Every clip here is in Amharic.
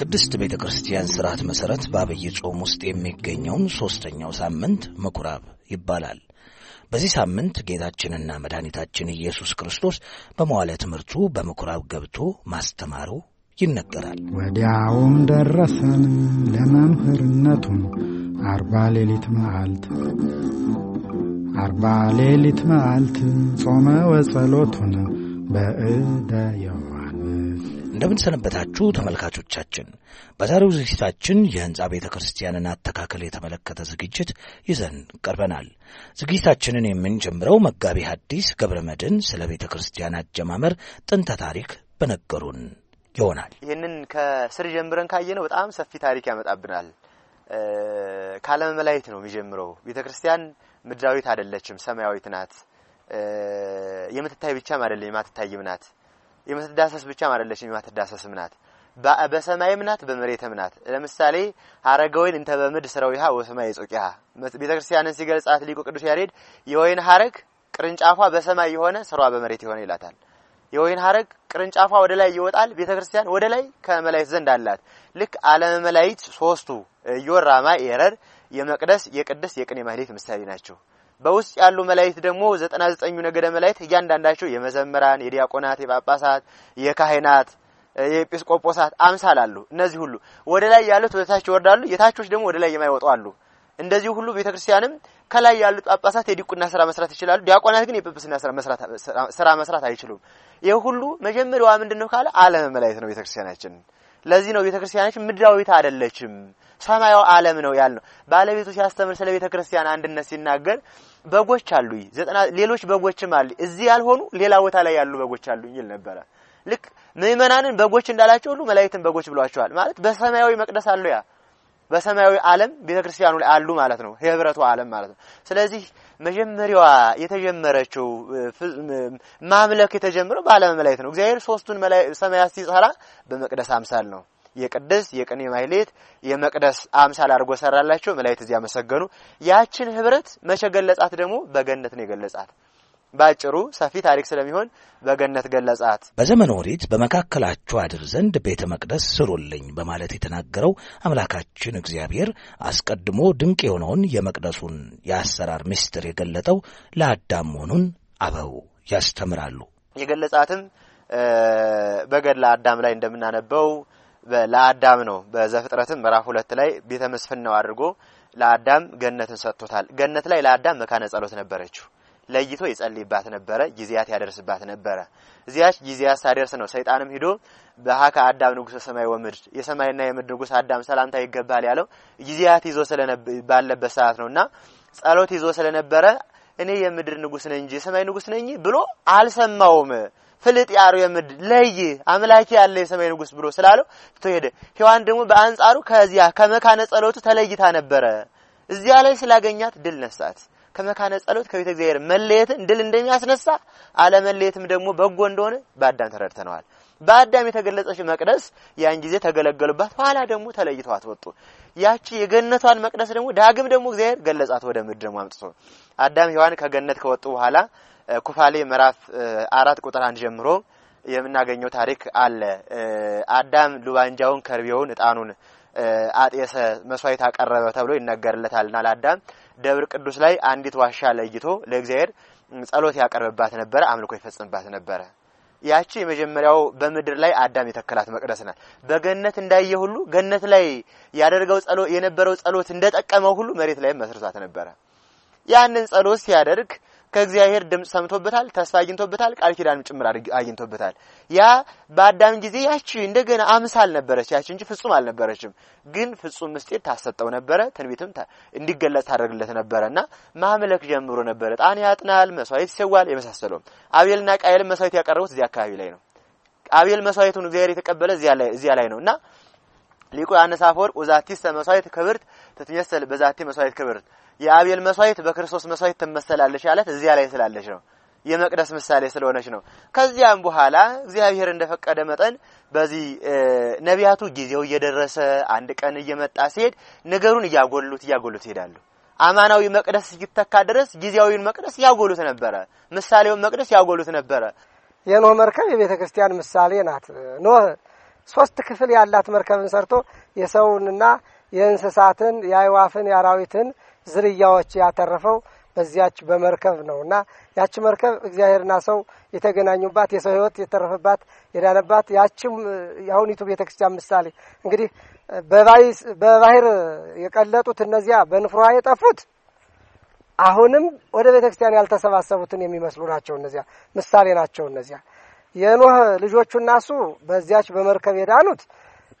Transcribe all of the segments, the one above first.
በቅድስት ቤተ ክርስቲያን ስርዓት መሠረት በአብይ ጾም ውስጥ የሚገኘውን ሦስተኛው ሳምንት ምኩራብ ይባላል። በዚህ ሳምንት ጌታችንና መድኃኒታችን ኢየሱስ ክርስቶስ በመዋለ ትምህርቱ በምኩራብ ገብቶ ማስተማሩ ይነገራል። ወዲያውም ደረሰን ለመምህርነቱም አርባ ሌሊት መዓልት አርባ ሌሊት መዓልት ጾመ ወጸሎቱን በእደየው እንደምንሰነበታችሁ ተመልካቾቻችን። በዛሬው ዝግጅታችን የህንፃ ቤተ ክርስቲያንን አተካከል የተመለከተ ዝግጅት ይዘን ቀርበናል። ዝግጅታችንን የምንጀምረው መጋቢ ሐዲስ ገብረ መድን ስለ ቤተ ክርስቲያን አጀማመር ጥንተ ታሪክ በነገሩን ይሆናል። ይህንን ከስር ጀምረን ካየነው በጣም ሰፊ ታሪክ ያመጣብናል። ካለመመላየት ነው የሚጀምረው። ቤተ ክርስቲያን ምድራዊት አይደለችም፣ ሰማያዊት ናት። የምትታይ ብቻም አይደለም፣ የማትታይም ናት። የምትዳሰስ ብቻም አይደለችም፣ የማትዳሰስ ምናት በሰማይ ምናት በመሬት ምናት ለምሳሌ ሀረገወይን እንተ በምድ ይሃ ወሰማይ የጾቂሃ ቤተክርስቲያንን ሲገልጻት ሊቁ ቅዱስ ያሬድ የወይን ሐረግ ቅርንጫፏ በሰማይ የሆነ ስሯ በመሬት የሆነ ይላታል። የወይን ሐረግ ቅርንጫፏ ወደ ላይ ይወጣል። ቤተክርስቲያን ወደ ላይ ከመላእክት ዘንድ አላት። ልክ ዓለመ መላእክት ሶስቱ ኢዮራማ፣ ኤረር፣ የመቅደስ፣ የቅድስ የቅኔ ማህሌት ምሳሌ ናቸው። በውስጥ ያሉ መላእክት ደግሞ ዘጠና ዘጠኙ ነገደ መላእክት እያንዳንዳቸው የመዘምራን፣ የዲያቆናት፣ የጳጳሳት፣ የካህናት፣ የኤጲስቆጶሳት አምሳል አሉ። እነዚህ ሁሉ ወደ ላይ ያሉት ወደ ታች ይወርዳሉ፣ የታቾች ደግሞ ወደ ላይ የማይወጡ አሉ። እንደዚህ ሁሉ ቤተክርስቲያንም ከላይ ያሉት ጳጳሳት የዲቁና ስራ መስራት ይችላሉ። ዲያቆናት ግን የጵጵስና ስራ መስራት ስራ መስራት አይችሉም። ይህ ሁሉ መጀመሪያዋ ምንድነው ካለ አለመመላየት ነው ቤተክርስቲያናችን። ለዚህ ነው ቤተክርስቲያናችን ምድራዊት አይደለችም። ሰማያዊ ዓለም ነው ያልነው። ባለቤቱ ሲያስተምር ስለ ቤተ ክርስቲያን አንድነት ሲናገር በጎች አሉ፣ ዘጠና ሌሎች በጎችም አሉ እዚህ ያልሆኑ ሌላ ቦታ ላይ ያሉ በጎች አሉ ይል ነበረ። ልክ ምእመናንን በጎች እንዳላቸው ሁሉ መላእክትን በጎች ብሏቸዋል። ማለት በሰማያዊ መቅደስ አሉ ያ በሰማያዊ ዓለም ቤተ ክርስቲያኑ ላይ አሉ ማለት ነው። የህብረቱ ዓለም ማለት ነው። ስለዚህ መጀመሪያዋ የተጀመረችው ማምለክ የተጀመረው በዓለም መላእክት ነው። እግዚአብሔር ሶስቱን መላእክት ሰማያት ሲጸራ በመቅደስ አምሳል ነው። የቅድስት የቅኔ ማህሌት የመቅደስ አምሳል አድርጎ ሰራላቸው። መላእክት እዚያ መሰገኑ። ያችን ህብረት መቼ ገለጻት? ደግሞ በገነት ነው የገለጻት። ባጭሩ ሰፊ ታሪክ ስለሚሆን በገነት ገለጻት። በዘመነ ኦሪት በመካከላችሁ አድር ዘንድ ቤተ መቅደስ ስሩልኝ በማለት የተናገረው አምላካችን እግዚአብሔር አስቀድሞ ድንቅ የሆነውን የመቅደሱን የአሰራር ምስጢር የገለጠው ለአዳም መሆኑን አበው ያስተምራሉ። የገለጻትም በገድለ አዳም ላይ እንደምናነበው ለአዳም ነው። በዘፍጥረትም ምዕራፍ ሁለት ላይ ቤተ መስፍናው አድርጎ ለአዳም ገነትን ሰጥቶታል። ገነት ላይ ለአዳም መካነ ጸሎት ነበረችው። ለይቶ ይጸልይባት ነበረ፣ ጊዜያት ያደርስባት ነበረ። እዚያች ጊዜያት ሳደርስ ነው ሰይጣንም ሂዶ በሀከ አዳም ንጉሰ ሰማይ ወምድር የሰማይና የምድር ንጉስ አዳም ሰላምታ ይገባል ያለው ጊዜያት ይዞ ባለበት ሰዓት ነውና ጸሎት ይዞ ስለነበረ እኔ የምድር ንጉስ ነኝ እንጂ የሰማይ ንጉስ ነኝ ብሎ አልሰማውም። ፍልጥ ያሩ የምድ ለይ አምላኪ ያለ የሰማይ ንጉስ ብሎ ስላለው ትቶ ሄደ። ሔዋን ደግሞ በአንጻሩ ከዚያ ከመካነ ጸሎቱ ተለይታ ነበረ። እዚያ ላይ ስላገኛት ድል ነሳት። ከመካነ ጸሎት ከቤተ እግዚአብሔር መለየትን ድል እንደሚያስነሳ አለመለየትም ደግሞ በጎ እንደሆነ በአዳም ተረድተነዋል። በአዳም የተገለጸች መቅደስ ያን ጊዜ ተገለገሉባት። ኋላ ደግሞ ተለይተዋት ወጡ። ያቺ የገነቷን መቅደስ ደግሞ ዳግም ደግሞ እግዚአብሔር ገለጻት ወደ ምድር አምጥቶ አዳም ሔዋን ከገነት ከወጡ በኋላ ኩፋሌ ምዕራፍ አራት ቁጥር አንድ ጀምሮ የምናገኘው ታሪክ አለ። አዳም ሉባንጃውን፣ ከርቤውን፣ እጣኑን አጤሰ መስዋዕት አቀረበ ተብሎ ይነገርለታልና ለአዳም ደብር ቅዱስ ላይ አንዲት ዋሻ ለይቶ ለእግዚአብሔር ጸሎት ያቀርብባት ነበረ፣ አምልኮ ይፈጽምባት ነበረ። ያቺ የመጀመሪያው በምድር ላይ አዳም የተከላት መቅደስ ናት። በገነት እንዳየ ሁሉ ገነት ላይ ያደርገው ጸሎት የነበረው ጸሎት እንደጠቀመው ሁሉ መሬት ላይ መስርቷት ነበረ። ያንን ጸሎት ሲያደርግ ከእግዚአብሔር ድምፅ ሰምቶበታል፣ ተስፋ አግኝቶበታል፣ ቃል ኪዳንም ጭምር አግኝቶበታል። ያ በአዳም ጊዜ ያቺ እንደገና አምሳል ነበረች ያቺ እንጂ ፍጹም አልነበረችም። ግን ፍጹም ምስጢር ታሰጠው ነበረ፣ ትንቢትም እንዲገለጽ ታደርግለት ነበረ እና ማምለክ ጀምሮ ነበረ። ጣን ያጥናል፣ መስዋዕት ይሰዋል፣ የመሳሰለውም አቤልና ቃየልን መስዋዕት ያቀረቡት እዚያ አካባቢ ላይ ነው። አቤል መስዋዕቱን እግዚአብሔር የተቀበለ እዚያ ላይ ነው እና ሊቁ ዮሐንስ አፈወርቅ ወዛቲስ መስዋዕት ክብርት ትትመሰል በዛቲ መስዋዕት ክብርት የአቤል መስዋዕት በክርስቶስ መስዋዕት ትመሰላለች ያለት እዚያ ላይ ስላለች ነው። የመቅደስ ምሳሌ ስለሆነች ነው። ከዚያም በኋላ እግዚአብሔር እንደፈቀደ መጠን በዚህ ነቢያቱ ጊዜው እየደረሰ አንድ ቀን እየመጣ ሲሄድ ነገሩን እያጎሉት እያጎሉት ይሄዳሉ። አማናዊ መቅደስ እስኪተካ ድረስ ጊዜያዊውን መቅደስ ያጎሉት ነበረ። ምሳሌውን መቅደስ ያጎሉት ነበረ። የኖህ መርከብ የቤተ ክርስቲያን ምሳሌ ናት። ኖህ ሶስት ክፍል ያላት መርከብን ሰርቶ የሰውንና የእንስሳትን የአይዋፍን የአራዊትን ዝርያዎች ያተረፈው በዚያች በመርከብ ነው እና ያች መርከብ እግዚአብሔርና ሰው የተገናኙባት የሰው ሕይወት የተረፈባት የዳነባት ያችም የአሁኒቱ ቤተ ክርስቲያን ምሳሌ እንግዲህ በባህር የቀለጡት እነዚያ በንፍሯ የጠፉት አሁንም ወደ ቤተ ክርስቲያን ያልተሰባሰቡትን የሚመስሉ ናቸው። እነዚያ ምሳሌ ናቸው። እነዚያ የኖህ ልጆቹና እሱ በዚያች በመርከብ የዳኑት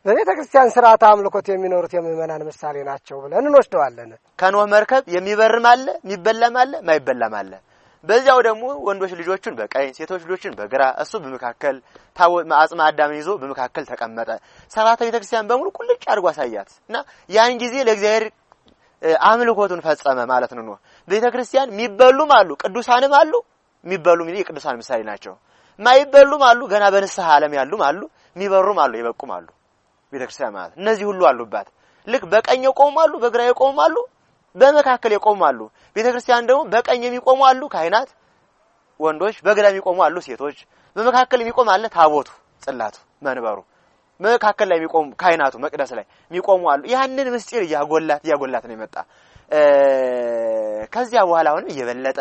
በቤተ ክርስቲያን ስርዓት አምልኮት የሚኖሩት የምእመናን ምሳሌ ናቸው ብለን እንወስደዋለን። ከኖህ መርከብ የሚበርም አለ፣ የሚበላም አለ፣ ማይበላም አለ። በዚያው ደግሞ ወንዶች ልጆቹን በቀኝ ሴቶች ልጆቹን በግራ እሱ በመካከል አጽማ አዳምን ይዞ በመካከል ተቀመጠ። ሰባተ ቤተ ክርስቲያን በሙሉ ቁልጭ አድርጎ አሳያት እና ያን ጊዜ ለእግዚአብሔር አምልኮቱን ፈጸመ ማለት ነው። ኖህ ቤተ ክርስቲያን የሚበሉም አሉ፣ ቅዱሳንም አሉ። የሚበሉም የቅዱሳን ምሳሌ ናቸው። ማይበሉም አሉ፣ ገና በንስሐ ዓለም ያሉም አሉ፣ የሚበሩም አሉ፣ የበቁም አሉ። ቤተክርስቲያን ማለት እነዚህ ሁሉ አሉባት። ልክ በቀኝ የቆሙ አሉ፣ በግራ የቆሙ አሉ፣ በመካከል የቆሙ አሉ። ቤተክርስቲያን ደግሞ በቀኝ የሚቆሙ አሉ፣ ካህናት ወንዶች፣ በግራ የሚቆሙ አሉ፣ ሴቶች። በመካከል የሚቆም አለ፣ ታቦቱ፣ ጽላቱ፣ መንበሩ መካከል ላይ የሚቆሙ ካህናቱ መቅደስ ላይ የሚቆሙ አሉ። ያንን ምስጢር እያጎላት እያጎላት ነው የመጣ ከዚያ በኋላ አሁንም እየበለጠ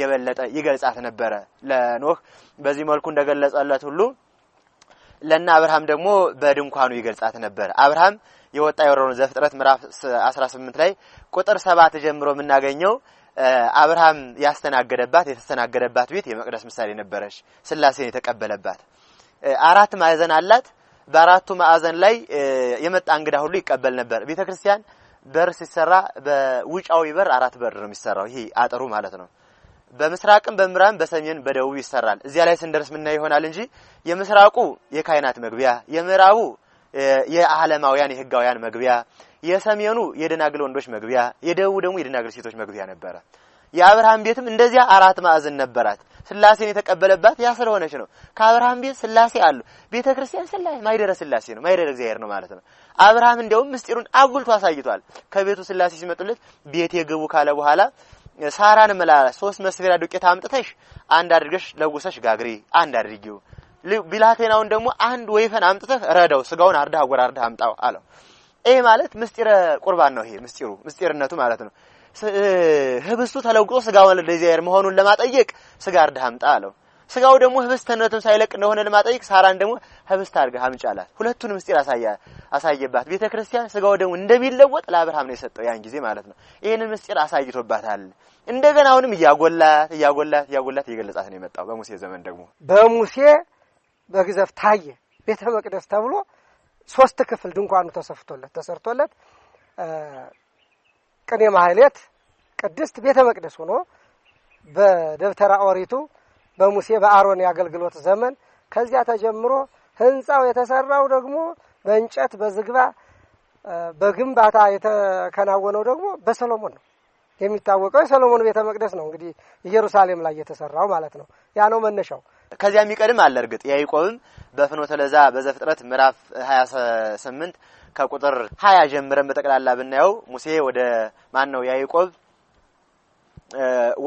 የበለጠ ይገልጻት ነበረ ለኖህ በዚህ መልኩ እንደገለጸለት ሁሉ ለና አብርሃም ደግሞ በድንኳኑ ይገልጻት ነበረ። አብርሃም የወጣ የወረውን ዘፍጥረት ምዕራፍ 18 ላይ ቁጥር ሰባት ጀምሮ የምናገኘው አብርሃም ያስተናገደባት የተስተናገደባት ቤት የመቅደስ ምሳሌ ነበረች። ስላሴን የተቀበለባት አራት ማዕዘን አላት። በአራቱ ማዕዘን ላይ የመጣ እንግዳ ሁሉ ይቀበል ነበር። ቤተክርስቲያን በር ሲሰራ በውጫዊ በር አራት በር ነው የሚሰራው። ይሄ አጥሩ ማለት ነው። በምስራቅም በምዕራብም በሰሜን በደቡብ ይሰራል። እዚያ ላይ ስንደርስ ምን ይሆናል እንጂ የምስራቁ የካይናት መግቢያ፣ የምዕራቡ የአለማውያን የህጋውያን መግቢያ፣ የሰሜኑ የደናግል ወንዶች መግቢያ፣ የደቡቡ ደግሞ የደናግል ሴቶች መግቢያ ነበረ። የአብርሃም ቤትም እንደዚያ አራት ማዕዘን ነበራት። ስላሴን የተቀበለባት ያ ስለሆነች ነው። ከአብርሃም ቤት ስላሴ አሉ። ቤተ ክርስቲያን ስላሴ ማይደረ ስላሴ ነው፣ ማይደረ እግዚአብሔር ነው ማለት ነው። አብርሃም እንዲያውም ምስጢሩን አጉልቶ አሳይቷል። ከቤቱ ስላሴ ሲመጡለት ቤቴ ግቡ ካለ በኋላ ሳራን መላ ሶስት መስፈሪያ ዱቄት አምጥተሽ አንድ አድርገሽ ለጉሰሽ ጋግሪ፣ አንድ አድርጊው። ቢላቴናውን ደግሞ አንድ ወይፈን አምጥተህ ረዳው፣ ስጋውን አርዳ አርዳህ አርዳ አምጣው አለው። ይሄ ማለት ምስጢረ ቁርባን ነው። ይሄ ምስጢሩ ምስጢርነቱ ማለት ነው። ህብስቱ ተለውጦ ስጋው ለእግዚአብሔር መሆኑን ለማጠየቅ ስጋ አርዳ አምጣ አለው። ስጋው ደግሞ ህብስትነቱን ሳይለቅ እንደሆነ ለማጠየቅ ሳራን ደግሞ ህብስት አድርገህ አምጪ አላት። ሁለቱን ምስጢር አሳያ አሳየባት። ቤተ ክርስቲያን ስጋው ደግሞ እንደሚለወጥ ለአብርሃም ነው የሰጠው ያን ጊዜ ማለት ነው። ይህንን ምስጢር አሳይቶባታል። እንደገና አሁንም እያጎላት እያጎላት እያጎላት እየገለጻት ነው የመጣው። በሙሴ ዘመን ደግሞ በሙሴ በግዘፍ ታየ ቤተ መቅደስ ተብሎ ሶስት ክፍል ድንኳኑ ተሰፍቶለት ተሰርቶለት ቅኔ ማህሌት ቅድስት ቤተ መቅደስ ሆኖ በደብተራ ኦሪቱ በሙሴ በአሮን የአገልግሎት ዘመን ከዚያ ተጀምሮ ህንፃው የተሰራው ደግሞ በእንጨት በዝግባ በግንባታ የተከናወነው ደግሞ በሰሎሞን ነው የሚታወቀው። የሰሎሞን ቤተ መቅደስ ነው እንግዲህ ኢየሩሳሌም ላይ የተሰራው ማለት ነው። ያ ነው መነሻው። ከዚያ የሚቀድም አለ። እርግጥ ያዕቆብም በፍኖተ ለዛ በዘፍጥረት ምዕራፍ 28 ከቁጥር 20 ጀምረን በጠቅላላ ብናየው ሙሴ ወደ ማን ነው ያዕቆብ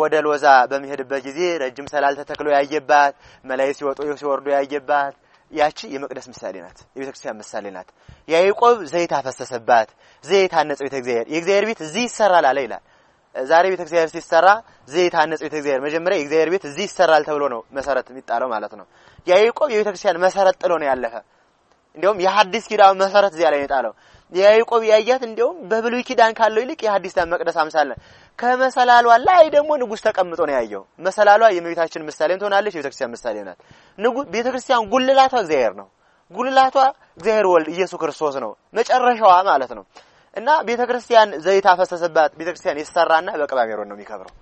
ወደ ሎዛ በሚሄድበት ጊዜ ረጅም ሰላል ተተክሎ ያየባት፣ መላእክት ሲወጡ ሲወርዱ ያየባት ያቺ የመቅደስ ምሳሌ ናት፣ የቤተ ክርስቲያን ምሳሌ ናት። ያዕቆብ ዘይት አፈሰሰባት፣ ዘይት አነጽ ቤተ እግዚአብሔር። የእግዚአብሔር ቤት እዚህ ይሰራል አለ ይላል። ዛሬ ቤተ እግዚአብሔር ሲሰራ ዘይት አነጽ ቤተ እግዚአብሔር፣ መጀመሪያ የእግዚአብሔር ቤት እዚህ ይሰራል ተብሎ ነው መሰረት የሚጣለው ማለት ነው። ያዕቆብ የቤተ ክርስቲያን መሰረት ጥሎ ነው ያለፈ። እንዲሁም የሐዲስ ኪዳን መሰረት እዚያ ላይ ነው የጣለው። የያዕቆብ ያያት እንዲያውም በብሉይ ኪዳን ካለው ይልቅ የሐዲስ ኪዳን መቅደስ አምሳለ ከመሰላሏ ላይ ደግሞ ንጉስ ተቀምጦ ነው ያየው። መሰላሏ የእመቤታችን ምሳሌም ትሆናለች፣ የቤተክርስቲያን ምሳሌ ናት። ንጉስ ቤተክርስቲያን ጉልላቷ እግዚአብሔር ነው። ጉልላቷ እግዚአብሔር ወልድ ኢየሱስ ክርስቶስ ነው፣ መጨረሻዋ ማለት ነው። እና ቤተክርስቲያን ዘይት አፈሰሰባት። ቤተክርስቲያን የተሰራና በቅብዓ ሜሮን ነው የሚከብረው።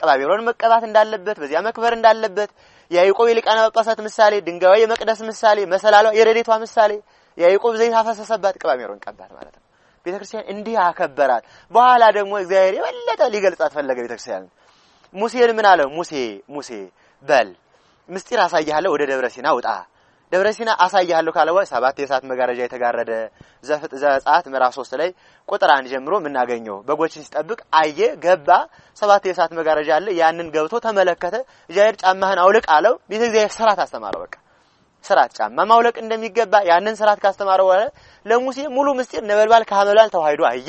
ቅብዓ ሜሮን መቀባት እንዳለበት በዚያ መክበር እንዳለበት የያዕቆብ የሊቃነ ጳጳሳት ምሳሌ፣ ድንጋዩ የመቅደስ ምሳሌ፣ መሰላሏ የረዴቷ ምሳሌ የያዕቆብ ዘይት አፈሰሰባት፣ ቅባ ሜሮን ቀባት ማለት ነው። ቤተክርስቲያን እንዲህ አከበራት። በኋላ ደግሞ እግዚአብሔር የበለጠ ሊገልጻት ፈለገ ቤተክርስቲያን። ሙሴን ምን አለው? ሙሴ ሙሴ በል ምስጢር አሳያለሁ፣ ወደ ደብረ ሲና ውጣ ደብረ ሲና አሳያለሁ ካለ ሰባት የእሳት መጋረጃ የተጋረደ ዘፍጥ ዘጸአት ምዕራፍ ሶስት ላይ ቁጥር አንድ ጀምሮ የምናገኘው በጎችን ሲጠብቅ አየ፣ ገባ። ሰባት የእሳት መጋረጃ አለ። ያንን ገብቶ ተመለከተ። እግዚአብሔር ጫማህን አውልቅ አለው። ቤተ እግዚአብሔር ስራ ታስተማረው። በቃ ስርዓት ጫማ ማውለቅ እንደሚገባ ያንን ስርዓት ካስተማረ በኋላ ለሙሴ ሙሉ ምስጢር ነበልባል ከሀመልማል ተዋህዶ አየ።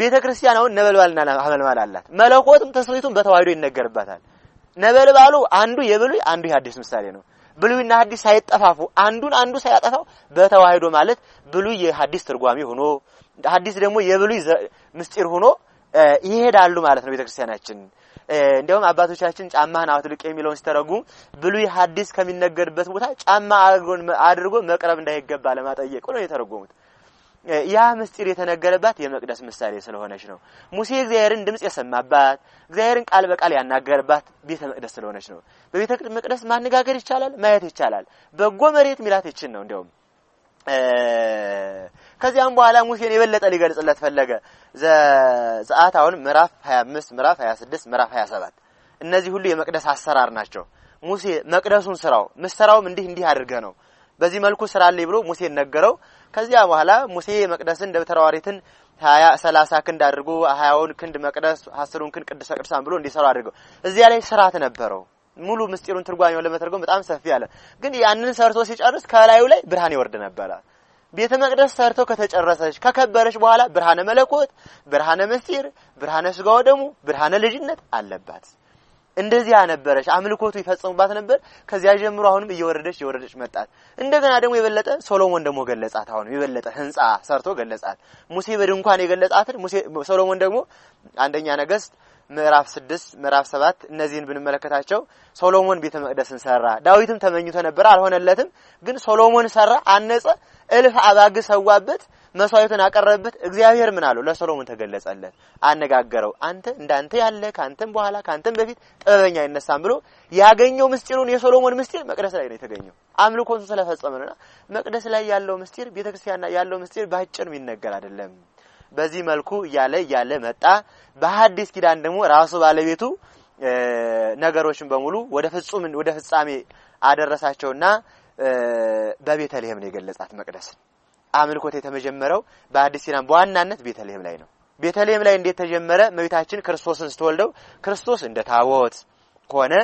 ቤተ ክርስቲያን አሁን ነበልባልና ሀመልማል አላት። መለኮትም ተስሪቱም በተዋህዶ ይነገርባታል። ነበልባሉ አንዱ የብሉይ አንዱ የሐዲስ ምሳሌ ነው። ብሉይና ሐዲስ ሳይጠፋፉ አንዱን አንዱ ሳያጠፋው በተዋህዶ ማለት ብሉይ የሐዲስ ትርጓሚ ሆኖ ሐዲስ ደግሞ የብሉይ ምስጢር ሆኖ ይሄዳሉ ማለት ነው ቤተክርስቲያናችን እንዲያውም አባቶቻችን ጫማህን አትልቅ የሚለውን ሲተረጉም ብሉይ ሐዲስ ከሚነገርበት ቦታ ጫማ አድርጎ መቅረብ እንዳይገባ ለማጠየቅ ነው የተረጎሙት። ያ ምስጢር የተነገረባት የመቅደስ ምሳሌ ስለሆነች ነው። ሙሴ እግዚአብሔርን ድምጽ የሰማባት እግዚአብሔርን ቃል በቃል ያናገርባት ቤተ መቅደስ ስለሆነች ነው። በቤተ መቅደስ ማነጋገር ይቻላል፣ ማየት ይቻላል። በጎ መሬት ሚላት ይችን ነው እንዲያውም ከዚያም በኋላ ሙሴን የበለጠ ሊገልጽለት ፈለገ። ዘጸአት አሁን ምዕራፍ 25 ምዕራፍ 26 ምዕራፍ 27 እነዚህ ሁሉ የመቅደስ አሰራር ናቸው። ሙሴ መቅደሱን ስራው ምሰራውም እንዲህ እንዲህ አድርገ ነው በዚህ መልኩ ስራልኝ ብሎ ሙሴን ነገረው። ከዚያ በኋላ ሙሴ መቅደስን ደብተራዋሪትን ሀያ ሰላሳ ክንድ አድርጎ ሀያውን ክንድ መቅደስ አስሩን ክንድ ቅድስተ ቅዱሳን ብሎ እንዲሰሩ አድርገው እዚያ ላይ ስርዓት ነበረው። ሙሉ ምስጢሩን ትርጓሜውን ለመተርጎም በጣም ሰፊ አለ። ግን ያንን ሰርቶ ሲጨርስ ከላዩ ላይ ብርሃን ይወርድ ነበረ። ቤተ መቅደስ ሰርቶ ከተጨረሰች ከከበረች በኋላ ብርሃነ መለኮት፣ ብርሃነ ምስጢር፣ ብርሃነ ስጋው ደሙ፣ ብርሃነ ልጅነት አለባት። እንደዚያ ነበረች። አምልኮቱ ይፈጽሙባት ነበር። ከዚያ ጀምሮ አሁንም እየወረደች እየወረደች መጣት። እንደገና ደግሞ የበለጠ ሶሎሞን ደግሞ ገለጻት። አሁንም የበለጠ ህንጻ ሰርቶ ገለጻት። ሙሴ በድንኳን የገለጻትን ሙሴ ሶሎሞን ደግሞ አንደኛ ነገስት ምዕራፍ ስድስት ምዕራፍ ሰባት እነዚህን ብንመለከታቸው ሶሎሞን ቤተ መቅደስን ሰራ። ዳዊትም ተመኝቶ ነበር፣ አልሆነለትም፣ ግን ሶሎሞን ሰራ፣ አነጸ፣ እልፍ አባግ ሰዋበት፣ መስዋዕቱን አቀረበበት። እግዚአብሔር ምን አለው? ለሶሎሞን ተገለጸለት፣ አነጋገረው። አንተ እንዳንተ ያለ ካንተም በኋላ ካንተም በፊት ጥበበኛ አይነሳም ብሎ ያገኘው ምስጢሩን የሶሎሞን ምስጢር መቅደስ ላይ ነው የተገኘው። አምልኮቱ ስለፈጸመ ነውና መቅደስ ላይ ያለው ምስጢር ቤተክርስቲያን ያለው ምስጢር ባጭር የሚነገር አይደለም። በዚህ መልኩ እያለ እያለ መጣ። በሐዲስ ኪዳን ደግሞ ራሱ ባለቤቱ ነገሮችን በሙሉ ወደ ፍጹም ወደ ፍጻሜ አደረሳቸውና በቤተልሔም ነው የገለጻት መቅደስ። አምልኮት የተመጀመረው በሐዲስ ኪዳን በዋናነት ቤተልሔም ላይ ነው። ቤተልሔም ላይ እንዴት ተጀመረ? እመቤታችን ክርስቶስን ስትወልደው ክርስቶስ እንደ ታቦት ሆነ።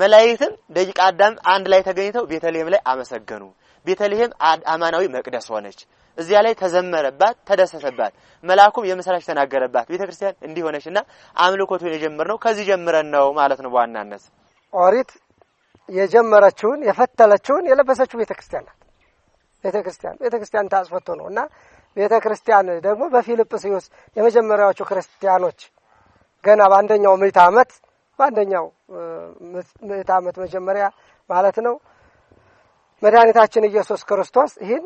መላእክትም ደቂቀ አዳም አንድ ላይ ተገኝተው ቤተልሔም ላይ አመሰገኑ። ቤተልሔም አማናዊ መቅደስ ሆነች። እዚያ ላይ ተዘመረባት፣ ተደሰተባት። መልአኩም የምስራች ተናገረባት። ቤተክርስቲያን እንዲሆነችና አምልኮቱን የጀመርነው ከዚህ ጀምረን ነው ማለት ነው። በዋናነት ኦሪት የጀመረችውን የፈተለችውን የለበሰችው ቤተክርስቲያን ናት። ቤተክርስቲያን ቤተክርስቲያን ታስፈቶ ነው እና ቤተክርስቲያን ደግሞ በፊልጵስዩስ የመጀመሪያዎቹ ክርስቲያኖች ገና በአንደኛው ምዕተ ዓመት በአንደኛው ምዕተ ዓመት መጀመሪያ ማለት ነው መድኃኒታችን ኢየሱስ ክርስቶስ ይህን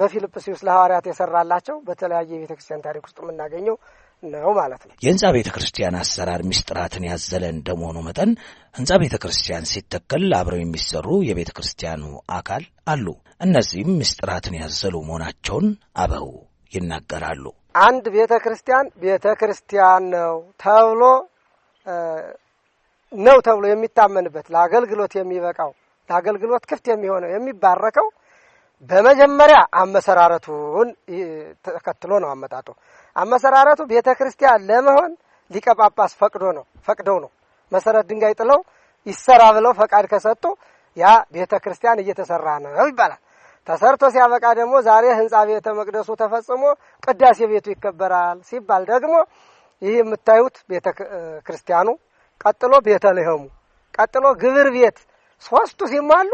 በፊልጵስዩስ ለሐዋርያት የሰራላቸው በተለያየ የቤተ ክርስቲያን ታሪክ ውስጥ የምናገኘው ነው ማለት ነው። የህንፃ ቤተ ክርስቲያን አሰራር ሚስጥራትን ያዘለ እንደመሆኑ መጠን ህንፃ ቤተ ክርስቲያን ሲተከል አብረው የሚሰሩ የቤተ ክርስቲያኑ አካል አሉ። እነዚህም ሚስጥራትን ያዘሉ መሆናቸውን አበው ይናገራሉ። አንድ ቤተ ክርስቲያን ቤተ ክርስቲያን ነው ተብሎ ነው ተብሎ የሚታመንበት ለአገልግሎት የሚበቃው ለአገልግሎት ክፍት የሚሆነው የሚባረከው በመጀመሪያ አመሰራረቱን ተከትሎ ነው አመጣጡ። አመሰራረቱ ቤተ ክርስቲያን ለመሆን ሊቀ ጳጳስ ፈቅዶ ነው ፈቅደው ነው መሰረት ድንጋይ ጥለው ይሰራ ብለው ፈቃድ ከሰጡ ያ ቤተ ክርስቲያን እየተሰራ ነው ይባላል። ተሰርቶ ሲያበቃ ደግሞ ዛሬ ህንፃ ቤተ መቅደሱ ተፈጽሞ ቅዳሴ ቤቱ ይከበራል ሲባል ደግሞ ይህ የምታዩት ቤተ ክርስቲያኑ ቀጥሎ ቤተ ልሔሙ ቀጥሎ ግብር ቤት ሶስቱ ሲሟሉ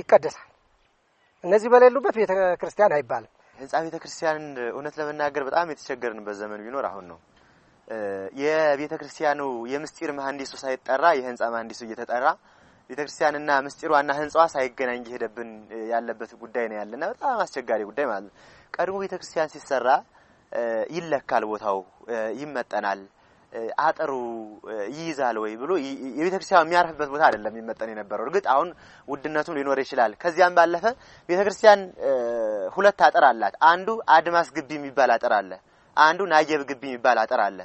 ይቀደሳል። እነዚህ በሌሉበት ቤተ ክርስቲያን አይባልም። ህንጻ ቤተ ክርስቲያን እውነት ለመናገር በጣም የተቸገርንበት ዘመን ቢኖር አሁን ነው። የቤተ ክርስቲያኑ የምስጢር መሀንዲሱ ሳይጠራ የህንጻ መሀንዲሱ እየተጠራ ቤተ ክርስቲያንና ምስጢሯና ህንጻዋ ሳይገናኝ እየሄደብን ያለበት ጉዳይ ነው ያለና በጣም አስቸጋሪ ጉዳይ ማለት ነው። ቀድሞ ቤተ ክርስቲያን ሲሰራ ይለካል፣ ቦታው ይመጠናል አጥሩ ይይዛል ወይ ብሎ የቤተክርስቲያን የሚያርፍበት ቦታ አይደለም የሚመጠን የነበረው። እርግጥ አሁን ውድነቱም ሊኖር ይችላል። ከዚያም ባለፈ ቤተክርስቲያን ሁለት አጥር አላት። አንዱ አድማስ ግቢ የሚባል አጥር አለ፣ አንዱ ናየብ ግቢ የሚባል አጥር አለ።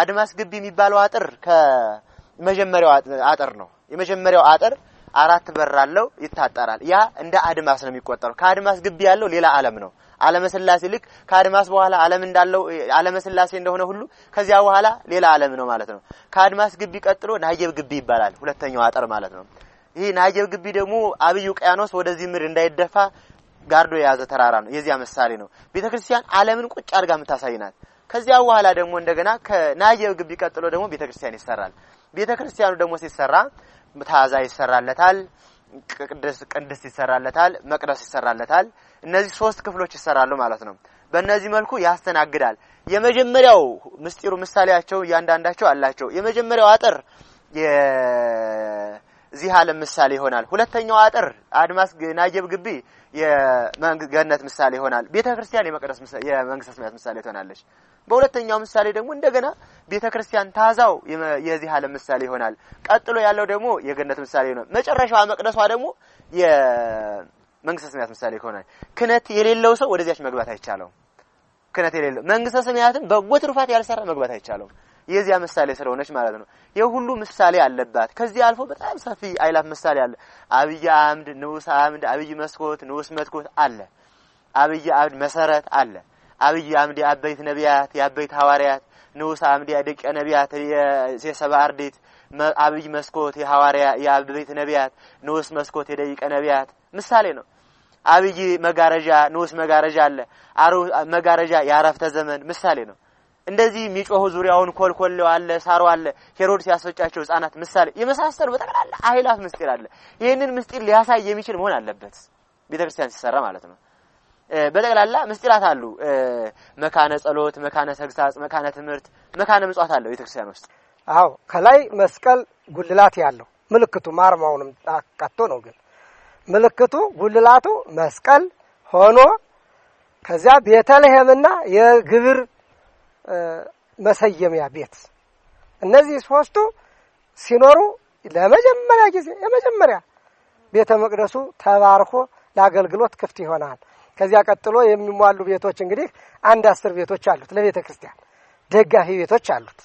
አድማስ ግቢ የሚባለው አጥር ከመጀመሪያው አጥር ነው። የመጀመሪያው አጥር አራት በር አለው፣ ይታጠራል። ያ እንደ አድማስ ነው የሚቆጠረው። ከአድማስ ግቢ ያለው ሌላ ዓለም ነው። አለመስላሴ ልክ ከአድማስ በኋላ ዓለም እንዳለው አለመስላሴ እንደሆነ ሁሉ ከዚያ በኋላ ሌላ ዓለም ነው ማለት ነው። ከአድማስ ግቢ ቀጥሎ ናጀብ ግቢ ይባላል። ሁለተኛው አጠር ማለት ነው። ይህ ናጀብ ግቢ ደግሞ አብዩ ውቅያኖስ ወደዚህ ምድር እንዳይደፋ ጋርዶ የያዘ ተራራ ነው። የዚያ ምሳሌ ነው። ቤተክርስቲያን ዓለምን ቁጭ አድርጋ የምታሳይናት። ከዚያ በኋላ ደግሞ እንደገና ከናየብ ግቢ ቀጥሎ ደግሞ ቤተክርስቲያን ይሰራል። ቤተክርስቲያኑ ደግሞ ሲሰራ ታዛ ይሰራለታል። ቅድስት ይሰራለታል፣ መቅደስ ይሰራለታል። እነዚህ ሶስት ክፍሎች ይሰራሉ ማለት ነው። በእነዚህ መልኩ ያስተናግዳል። የመጀመሪያው ምስጢሩ ምሳሌያቸው እያንዳንዳቸው አላቸው። የመጀመሪያው አጥር የዚህ ዓለም ምሳሌ ይሆናል። ሁለተኛው አጥር አድማስ ናጀብ ግቢ የገነት ምሳሌ ይሆናል። ቤተ ክርስቲያን የመቅደስ የመንግስተ ሰማያት ምሳሌ ትሆናለች። በሁለተኛው ምሳሌ ደግሞ እንደገና ቤተ ክርስቲያን ታዛው የዚህ ዓለም ምሳሌ ይሆናል። ቀጥሎ ያለው ደግሞ የገነት ምሳሌ ነው። መጨረሻዋ መቅደሷ ደግሞ የመንግስተ ሰማያት ምሳሌ ይሆናል። ክነት የሌለው ሰው ወደዚያች መግባት አይቻለውም። ክነት የሌለው መንግስተ ሰማያትን በጎ ትሩፋት ያልሰራ መግባት አይቻለውም። የዚያ ምሳሌ ስለሆነች ማለት ነው። የሁሉ ምሳሌ አለባት። ከዚህ አልፎ በጣም ሰፊ አይላፍ ምሳሌ አለ። አብይ አምድ፣ ንዑስ አምድ፣ አብይ መስኮት፣ ንዑስ መስኮት አለ። አብይ አምድ መሰረት አለ። አብይ አምዲ አበይት ነቢያት የአበይት ሐዋርያት ንዑስ አምዲ ደቀ ነቢያት የሰባ አርድእት አብይ መስኮት የሐዋርያ የአበይት ነቢያት ንዑስ መስኮት የደቂቀ ነቢያት ምሳሌ ነው። አብይ መጋረጃ ንዑስ መጋረጃ አለ። አሩ መጋረጃ የአረፍተ ዘመን ምሳሌ ነው። እንደዚህ የሚጮሁ ዙሪያውን ኮልኮሌው አለ፣ ሳሩ አለ፣ ሄሮድስ ያስፈጫቸው ህጻናት ምሳሌ የመሳሰሉ በጠቅላላ አይላፍ ምስጢር አለ። ይህንን ምስጢር ሊያሳይ የሚችል መሆን አለበት ቤተክርስቲያን ሲሰራ ማለት ነው። በጠቅላላ ምስጢራት አሉ። መካነ ጸሎት፣ መካነ ተግሳጽ፣ መካነ ትምህርት፣ መካነ ምጽዋት አለው ቤተክርስቲያን ውስጥ። አዎ ከላይ መስቀል ጉልላት ያለው ምልክቱ ማርማውንም አካቶ ነው። ግን ምልክቱ ጉልላቱ መስቀል ሆኖ ከዚያ ቤተልሔምና የግብር መሰየሚያ ቤት እነዚህ ሶስቱ ሲኖሩ ለመጀመሪያ ጊዜ የመጀመሪያ ቤተ መቅደሱ ተባርኮ ለአገልግሎት ክፍት ይሆናል። ከዚያ ቀጥሎ የሚሟሉ ቤቶች እንግዲህ አንድ አስር ቤቶች አሉት ለቤተ ክርስቲያን ደጋፊ ቤቶች አሉት።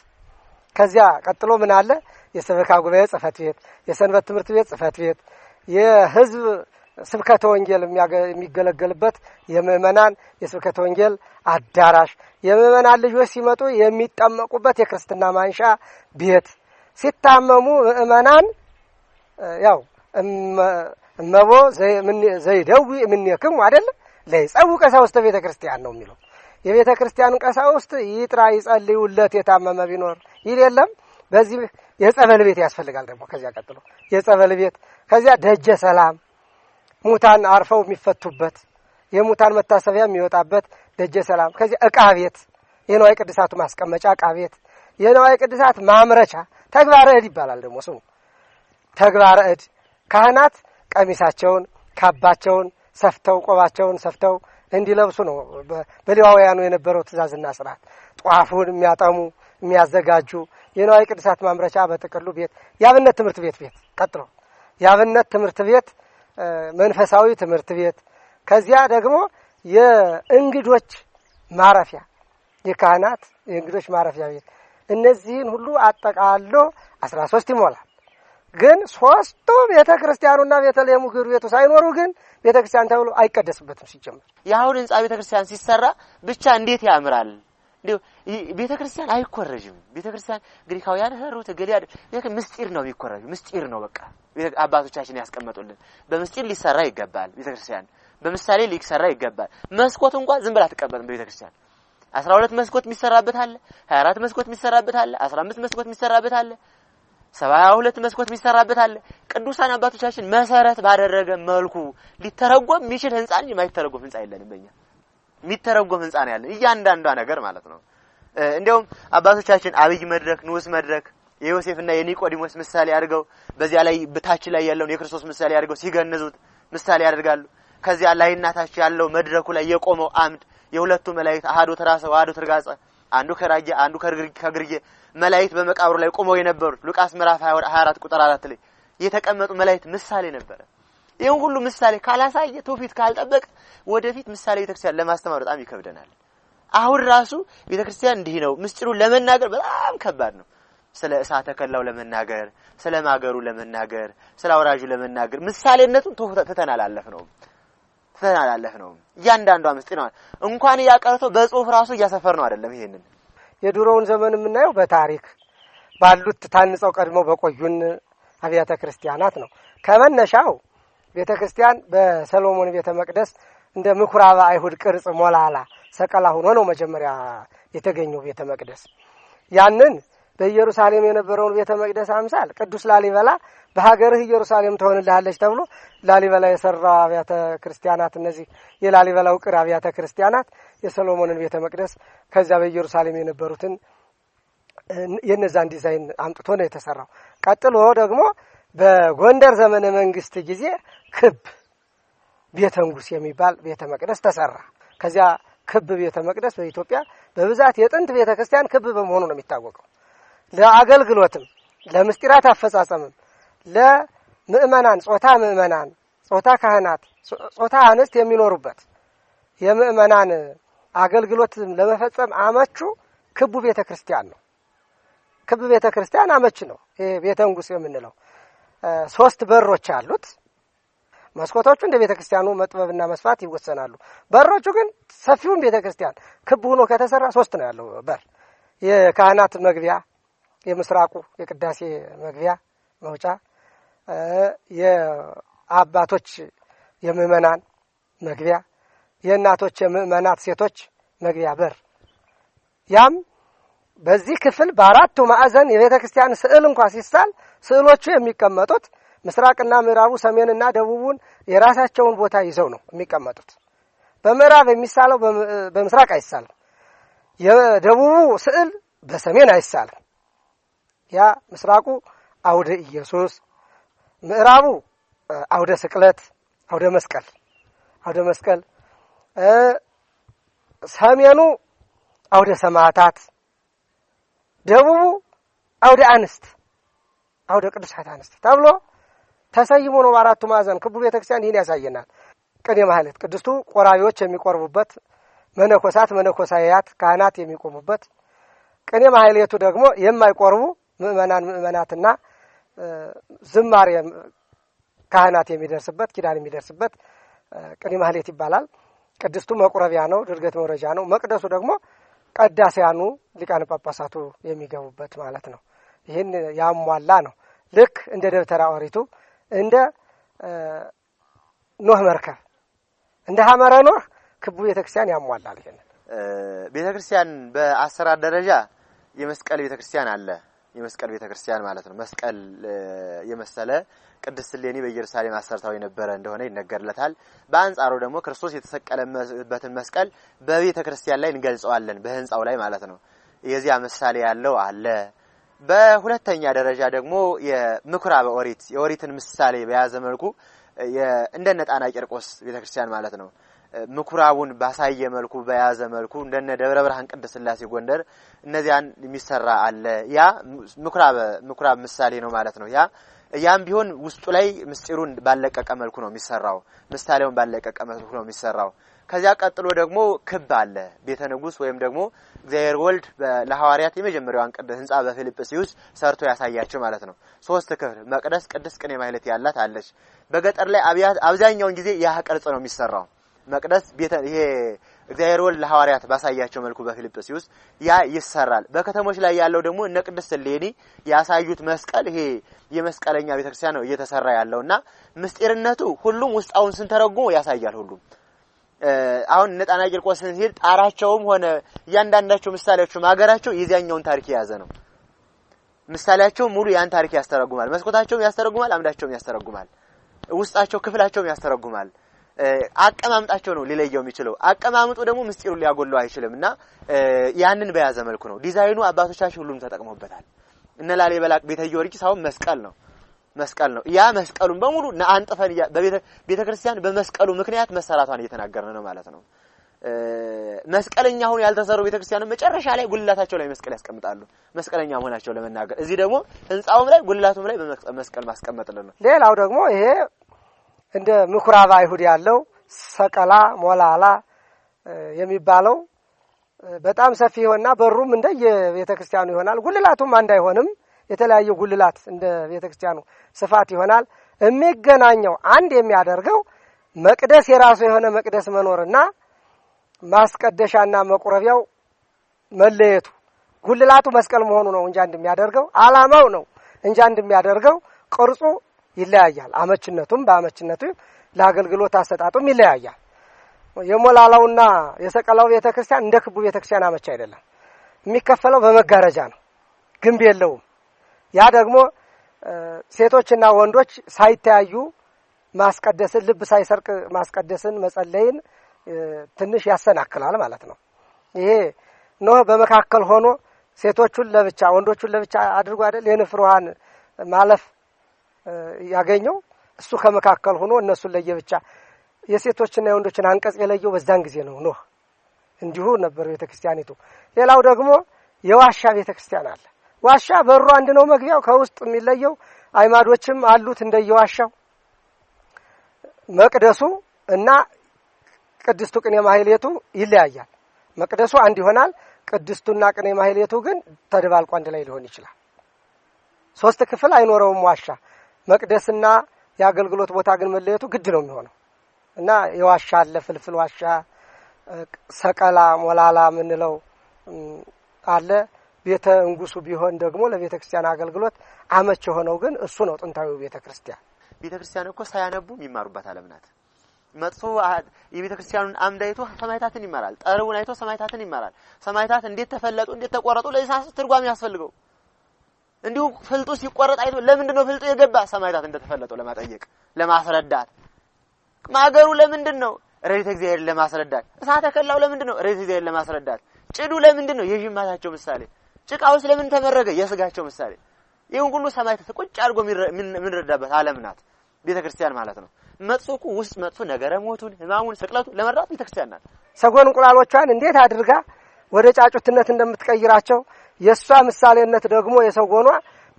ከዚያ ቀጥሎ ምን አለ? የሰበካ ጉባኤ ጽፈት ቤት፣ የሰንበት ትምህርት ቤት ጽፈት ቤት፣ የህዝብ ስብከተ ወንጌል የሚገለገልበት የምእመናን የስብከተ ወንጌል አዳራሽ፣ የምእመናን ልጆች ሲመጡ የሚጠመቁበት የክርስትና ማንሻ ቤት፣ ሲታመሙ ምእመናን ያው እመቦ ዘይደዊ እምኔክሙ አይደለም ለይጸው ቀሳውስተ ቤተ ክርስቲያን ነው የሚለው የቤተ ክርስቲያኑ ቀሳውስት ይጥራ ይጸልዩለት የታመመ ቢኖር ይል የለም። በዚህ የጸበል ቤት ያስፈልጋል። ደግሞ ከዚያ ቀጥሎ የጸበል ቤት ከዚያ ደጀ ሰላም ሙታን አርፈው የሚፈቱበት የሙታን መታሰቢያ የሚወጣበት ደጀ ሰላም ከዚያ እቃ ቤት የነዋይ ቅዱሳቱ ማስቀመጫ እቃ ቤት የነዋይ ቅዱሳት ማምረቻ ተግባረ እድ ይባላል። ደግሞ ስሙ ተግባረ እድ ካህናት ቀሚሳቸውን ካባቸውን ሰፍተው ቆባቸውን ሰፍተው እንዲለብሱ ነው በሌዋውያኑ የነበረው ትእዛዝና ስርዓት። ጧፉን የሚያጠሙ የሚያዘጋጁ የነዋይ ቅዱሳት ማምረቻ በጥቅሉ ቤት የአብነት ትምህርት ቤት ቤት ቀጥሎ የአብነት ትምህርት ቤት መንፈሳዊ ትምህርት ቤት ከዚያ ደግሞ የእንግዶች ማረፊያ የካህናት የእንግዶች ማረፊያ ቤት እነዚህን ሁሉ አጠቃሎ አስራ ሶስት ይሞላል። ግን ሶስቱ ቤተ ክርስቲያኑና ቤተልሔሙ ግብር ቤቱ ሳይኖሩ ግን ቤተ ክርስቲያን ተብሎ አይቀደስበትም። ሲጀምር የአሁን ህንጻ ቤተ ክርስቲያን ሲሰራ ብቻ እንዴት ያምራል! እንዲሁ ቤተ ክርስቲያን አይኮረጅም። ቤተ ክርስቲያን ግሪካውያን ህሩት ገሊያ ምስጢር ነው የሚኮረጅ ምስጢር ነው። በቃ አባቶቻችን ያስቀመጡልን በምስጢር ሊሰራ ይገባል። ቤተ ክርስቲያን በምሳሌ ሊሰራ ይገባል። መስኮት እንኳ ዝም ብላ አትቀመጥም በቤተ ክርስቲያን አስራ ሁለት መስኮት የሚሰራበት አለ፣ ሀያ አራት መስኮት የሚሰራበት አለ፣ አስራ አምስት መስኮት የሚሰራበት አለ። ሰባ ሁለት መስኮት የሚሰራበት አለ። ቅዱሳን አባቶቻችን መሰረት ባደረገ መልኩ ሊተረጎም የሚችል ህንጻ እንጂ የማይተረጎም ህንጻ የለንም። በእኛ የሚተረጎም ህንጻ ነው ያለን እያንዳንዷ ነገር ማለት ነው። እንዲያውም አባቶቻችን አብይ መድረክ፣ ንዑስ መድረክ የዮሴፍና የኒቆዲሞስ ምሳሌ አድርገው በዚያ ላይ በታች ላይ ያለውን የክርስቶስ ምሳሌ አድርገው ሲገነዙት ምሳሌ ያደርጋሉ። ከዚያ ላይ ታች ያለው መድረኩ ላይ የቆመው አምድ የሁለቱ መላእክት አሐዱ ተራሰው ወአሐዱ ትርጋጸ አንዱ ከራየ አንዱ ከግርጌ መላእክት በመቃብሩ ላይ ቆመው የነበሩት ሉቃስ ምዕራፍ 24 ቁጥር 4 ላይ የተቀመጡ መላእክት ምሳሌ ነበረ። ይህን ሁሉ ምሳሌ ካላሳየ ትውፊት ካልጠበቀ ወደፊት ምሳሌ ቤተክርስቲያን ለማስተማር በጣም ይከብደናል። አሁን ራሱ ቤተክርስቲያን እንዲህ ነው ምስጢሩን ለመናገር በጣም ከባድ ነው። ስለ እሳተ ከላው ለመናገር፣ ስለ ማገሩ ለመናገር፣ ስለ አውራጁ ለመናገር ምሳሌነቱን ትተናል አለፍ ነው ትተናል አለፍ ነው። እያንዳንዷ ምስጢር ነው እንኳን እያቀርተው በጽሁፍ ራሱ እያሰፈር ነው አይደለም ይሄንን የድሮውን ዘመን የምናየው በታሪክ ባሉት ታንጸው ቀድመው በቆዩን አብያተ ክርስቲያናት ነው። ከመነሻው ቤተ ክርስቲያን በሰሎሞን ቤተ መቅደስ እንደ ምኩራበ አይሁድ ቅርጽ ሞላላ ሰቀላ ሆኖ ነው መጀመሪያ የተገኘው ቤተ መቅደስ ያንን በኢየሩሳሌም የነበረውን ቤተ መቅደስ አምሳል ቅዱስ ላሊበላ በሀገርህ ኢየሩሳሌም ትሆንልሃለች ተብሎ ላሊበላ የሰራው አብያተ ክርስቲያናት እነዚህ የላሊበላ ውቅር አብያተ ክርስቲያናት የሰሎሞንን ቤተ መቅደስ ከዚያ በኢየሩሳሌም የነበሩትን የነዛን ዲዛይን አምጥቶ ነው የተሰራው። ቀጥሎ ደግሞ በጎንደር ዘመነ መንግስት ጊዜ ክብ ቤተ የሚባል ቤተ መቅደስ ተሰራ። ከዚያ ክብ ቤተ መቅደስ በኢትዮጵያ በብዛት የጥንት ቤተ ክርስቲያን ክብ በመሆኑ ነው የሚታወቀው። ለአገልግሎትም ለምስጢራት አፈጻጸምም ለምእመናን ጾታ ምእመናን፣ ጾታ ካህናት፣ ጾታ አንስት የሚኖሩበት የምእመናን አገልግሎት ለመፈጸም አመቹ ክቡ ቤተ ክርስቲያን ነው። ክብ ቤተ ክርስቲያን አመች ነው። ይሄ ቤተ ንጉሥ የምንለው ሶስት በሮች አሉት። መስኮቶቹ እንደ ቤተ ክርስቲያኑ መጥበብና መስፋት ይወሰናሉ። በሮቹ ግን ሰፊውን ቤተ ክርስቲያን ክብ ሆኖ ከተሰራ ሶስት ነው ያለው በር የካህናት መግቢያ የምስራቁ የቅዳሴ መግቢያ መውጫ የአባቶች የምእመናን መግቢያ የእናቶች የምእመናት ሴቶች መግቢያ በር ያም በዚህ ክፍል በአራቱ ማዕዘን የቤተ ክርስቲያን ስዕል እንኳ ሲሳል ስዕሎቹ የሚቀመጡት ምስራቅና ምዕራቡ ሰሜንና ደቡቡን የራሳቸውን ቦታ ይዘው ነው የሚቀመጡት። በምዕራብ የሚሳለው በምስራቅ አይሳልም። የደቡቡ ስዕል በሰሜን አይሳልም። ያ ምስራቁ አውደ ኢየሱስ፣ ምዕራቡ አውደ ስቅለት፣ አውደ መስቀል አውደ መስቀል፣ ሰሜኑ አውደ ሰማዕታት፣ ደቡቡ አውደ አንስት፣ አውደ ቅዱሳት አንስት ተብሎ ተሰይሞ ነው በአራቱ ማዕዘን ክቡ ቤተ ክርስቲያን ይህን ያሳየናል። ቅኔ ማህሌት ቅድስቱ ቆራቢዎች የሚቆርቡበት፣ መነኮሳት መነኮሳያት ካህናት የሚቆሙበት፣ ቅኔ ማህሌቱ ደግሞ የማይቆርቡ ምእመናን ምእመናትና ዝማሬ ካህናት የሚደርስበት ኪዳን የሚደርስበት ቅኔ ማህሌት ይባላል። ቅድስቱ መቁረቢያ ነው፣ ድርገት መውረጃ ነው። መቅደሱ ደግሞ ቀዳሲያኑ ሊቃነ ጳጳሳቱ የሚገቡበት ማለት ነው። ይህን ያሟላ ነው። ልክ እንደ ደብተራ ኦሪቱ እንደ ኖህ መርከብ እንደ ሀመረ ኖህ ክቡ ቤተ ክርስቲያን ያሟላል። ይሄንን ቤተ ክርስቲያን በአሰራር ደረጃ የመስቀል ቤተ ክርስቲያን አለ። የመስቀል ቤተ ክርስቲያን ማለት ነው። መስቀል የመሰለ ቅድስት እሌኒ በኢየሩሳሌም አሰርታው የነበረ እንደሆነ ይነገርለታል። በአንጻሩ ደግሞ ክርስቶስ የተሰቀለበትን መስቀል በቤተ ክርስቲያን ላይ እንገልጸዋለን፣ በህንፃው ላይ ማለት ነው። የዚያ ምሳሌ ያለው አለ። በሁለተኛ ደረጃ ደግሞ የምኩራበ ኦሪት የኦሪትን ምሳሌ በያዘ መልኩ እንደነ ጣና ቂርቆስ ቤተ ክርስቲያን ማለት ነው ምኩራቡን ባሳየ መልኩ በያዘ መልኩ እንደነ ደብረ ብርሃን ቅድስት ስላሴ ጎንደር እነዚያን የሚሰራ አለ። ያ ምኩራብ ምኩራብ ምሳሌ ነው ማለት ነው። ያ ያም ቢሆን ውስጡ ላይ ምስጢሩን ባለቀቀ መልኩ ነው የሚሰራው። ምሳሌውን ባለቀቀ መልኩ ነው የሚሰራው። ከዚያ ቀጥሎ ደግሞ ክብ አለ። ቤተ ንጉስ ወይም ደግሞ እግዚአብሔር ወልድ ለሐዋርያት የመጀመሪያዋን ቅድ ህንጻ በፊልጵስዩስ ሰርቶ ያሳያቸው ማለት ነው። ሶስት ክፍል መቅደስ፣ ቅድስት፣ ቅኔ ማኅሌት ያላት አለች። በገጠር ላይ አብዛኛውን ጊዜ ያህ ቅርጽ ነው የሚሰራው መቅደስ ቤተ ይሄ እግዚአብሔር ወልድ ለሐዋርያት ባሳያቸው መልኩ በፊልጵስዩስ ያ ይሰራል። በከተሞች ላይ ያለው ደግሞ እነ ቅድስት እሌኒ ያሳዩት መስቀል ይሄ የመስቀለኛ ቤተክርስቲያን ነው እየተሰራ ያለው እና ምስጢርነቱ ሁሉም ውስጣውን ስንተረጉሞ ያሳያል። ሁሉም አሁን እነ ጣና ቂርቆስ ስንሄድ ጣራቸውም ሆነ እያንዳንዳቸው ምሳሌያቸውም ሀገራቸው የዚያኛውን ታሪክ የያዘ ነው። ምሳሌያቸው ሙሉ ያን ታሪክ ያስተረጉማል። መስኮታቸውም ያስተረጉማል። አምዳቸውም ያስተረጉማል። ውስጣቸው ክፍላቸውም ያስተረጉማል። አቀማምጣቸው ነው ሊለየው የሚችለው። አቀማምጡ ደግሞ ምስጢሩ ሊያጎለው አይችልም እና ያንን በያዘ መልኩ ነው ዲዛይኑ። አባቶቻችን ሁሉም ተጠቅሞበታል። እነ ላሊበላ ቤተ ጊዮርጊስ አሁን መስቀል ነው መስቀል ነው። ያ መስቀሉን በሙሉ አንጥፈን ቤተ ክርስቲያን በመስቀሉ ምክንያት መሰራቷን እየተናገርን ነው ማለት ነው። መስቀለኛ አሁን ያልተሰሩ ቤተ ክርስቲያንም መጨረሻ ላይ ጉልላታቸው ላይ መስቀል ያስቀምጣሉ፣ መስቀለኛ መሆናቸው ለመናገር። እዚህ ደግሞ ህንጻውም ላይ ጉልላቱም ላይ መስቀል ማስቀመጥ ነው። ሌላው ደግሞ ይሄ እንደ ምኩራብ አይሁድ ያለው ሰቀላ ሞላላ የሚባለው በጣም ሰፊ ይሆንና በሩም እንደ የቤተ ክርስቲያኑ ይሆናል። ጉልላቱም አንድ አይሆንም። የተለያዩ ጉልላት እንደ ቤተ ክርስቲያኑ ስፋት ይሆናል። የሚገናኘው አንድ የሚያደርገው መቅደስ የራሱ የሆነ መቅደስ መኖርና ማስቀደሻና መቁረቢያው መለየቱ ጉልላቱ መስቀል መሆኑ ነው እንጂ አንድ የሚያደርገው አላማው ነው እንጂ አንድ የሚያደርገው ቅርጹ ይለያያል። አመችነቱም በአመችነቱ ለአገልግሎት አሰጣጡም ይለያያል። የሞላላውና የሰቀላው ቤተ ክርስቲያን እንደ ክቡ ቤተ ክርስቲያን አመች አይደለም። የሚከፈለው በመጋረጃ ነው፣ ግንብ የለውም። ያ ደግሞ ሴቶችና ወንዶች ሳይተያዩ ማስቀደስን ልብ ሳይሰርቅ ማስቀደስን መጸለይን ትንሽ ያሰናክላል ማለት ነው። ይሄ ኖህ በመካከል ሆኖ ሴቶቹን ለብቻ ወንዶቹን ለብቻ አድርጎ አይደል የንፍር ውሃን ማለፍ ያገኘው እሱ ከመካከል ሆኖ እነሱን ለየብቻ የሴቶችና የወንዶችን አንቀጽ የለየው በዛን ጊዜ ነው። ኖህ እንዲሁ ነበር ቤተ ክርስቲያኒቱ። ሌላው ደግሞ የዋሻ ቤተ ክርስቲያን አለ። ዋሻ በሩ አንድ ነው መግቢያው፣ ከውስጥ የሚለየው አይማዶችም አሉት እንደየዋሻው መቅደሱ እና ቅድስቱ ቅኔ ማህሌቱ ይለያያል። መቅደሱ አንድ ይሆናል። ቅድስቱና ቅኔ ማህሌቱ ግን ተደባልቆ አንድ ላይ ሊሆን ይችላል። ሶስት ክፍል አይኖረውም ዋሻ መቅደስና የአገልግሎት ቦታ ግን መለየቱ ግድ ነው የሚሆነው እና የዋሻ አለ ፍልፍል ዋሻ ሰቀላ ሞላላ የምንለው አለ። ቤተ እንጉሱ ቢሆን ደግሞ ለቤተ ክርስቲያን አገልግሎት አመች የሆነው ግን እሱ ነው። ጥንታዊ ቤተ ክርስቲያን ቤተ ክርስቲያን እኮ ሳያነቡ የሚማሩበት ዓለም ናት። መጥቶ የቤተ ክርስቲያኑን አምድ አይቶ ሰማይታትን ይማራል። ጠርቡን አይቶ ሰማይታትን ይማራል። ሰማይታት እንዴት ተፈለጡ፣ እንዴት ተቆረጡ ለዚህ ትርጓሜ ያስፈልገው እንዲሁ ፍልጡ ሲቆረጥ አይቶ ለምንድን ነው ፍልጡ የገባ? ሰማዕታት እንደተፈለጡ ለማጠየቅ ለማስረዳት። ማገሩ ለምንድን ነው? ረድኤተ እግዚአብሔር ለማስረዳት። እሳተ ከላው ለምንድን ነው? ረድኤተ እግዚአብሔር ለማስረዳት። ጭዱ ለምንድን ነው? የጅማታቸው ምሳሌ። ጭቃውስ ለምን ተመረገ? የስጋቸው ምሳሌ። ይህን ሁሉ ሰማዕታት ቁጭ አድርጎ የምንረዳበት ዓለም ናት ቤተ ክርስቲያን ማለት ነው። መጽኩ ውስጥ መጥቶ ነገረ ሞቱን ህማሙን ስቅለቱ ለመረዳት ቤተ ክርስቲያን ናት። ሰጎን እንቁላሎቿን እንዴት አድርጋ ወደ ጫጩትነት እንደምትቀይራቸው የእሷ ምሳሌነት ደግሞ የሰጎኗ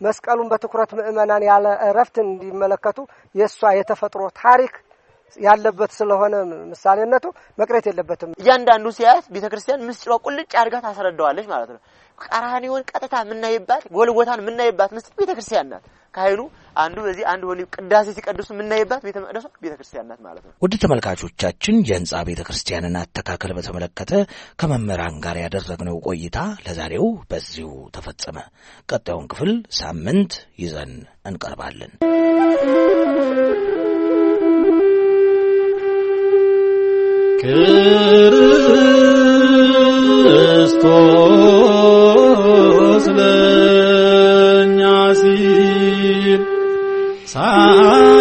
መስቀሉን በትኩረት ምእመናን ያለ እረፍት እንዲመለከቱ የእሷ የተፈጥሮ ታሪክ ያለበት ስለሆነ ምሳሌነቱ መቅረት የለበትም። እያንዳንዱ ሲያያት ቤተ ክርስቲያን ምስጢሯ ቁልጭ አድርጋ ታስረዳዋለች ማለት ነው። ቀራንዮን ቀጥታ የምናይባት፣ ጎልጎታን የምናይባት ምስጢር ቤተ ክርስቲያን ናት። ከኃይሉ አንዱ በዚህ አንድ ወሊ ቅዳሴ ሲቀድሱ የምናይባት ቤተ መቅደሷ ቤተ ክርስቲያን ናት ማለት ነው። ውድ ተመልካቾቻችን የህንፃ ቤተ ክርስቲያንን አተካከል በተመለከተ ከመምህራን ጋር ያደረግነው ቆይታ ለዛሬው በዚሁ ተፈጸመ። ቀጣዩን ክፍል ሳምንት ይዘን እንቀርባለን። ክርስቶስ 三。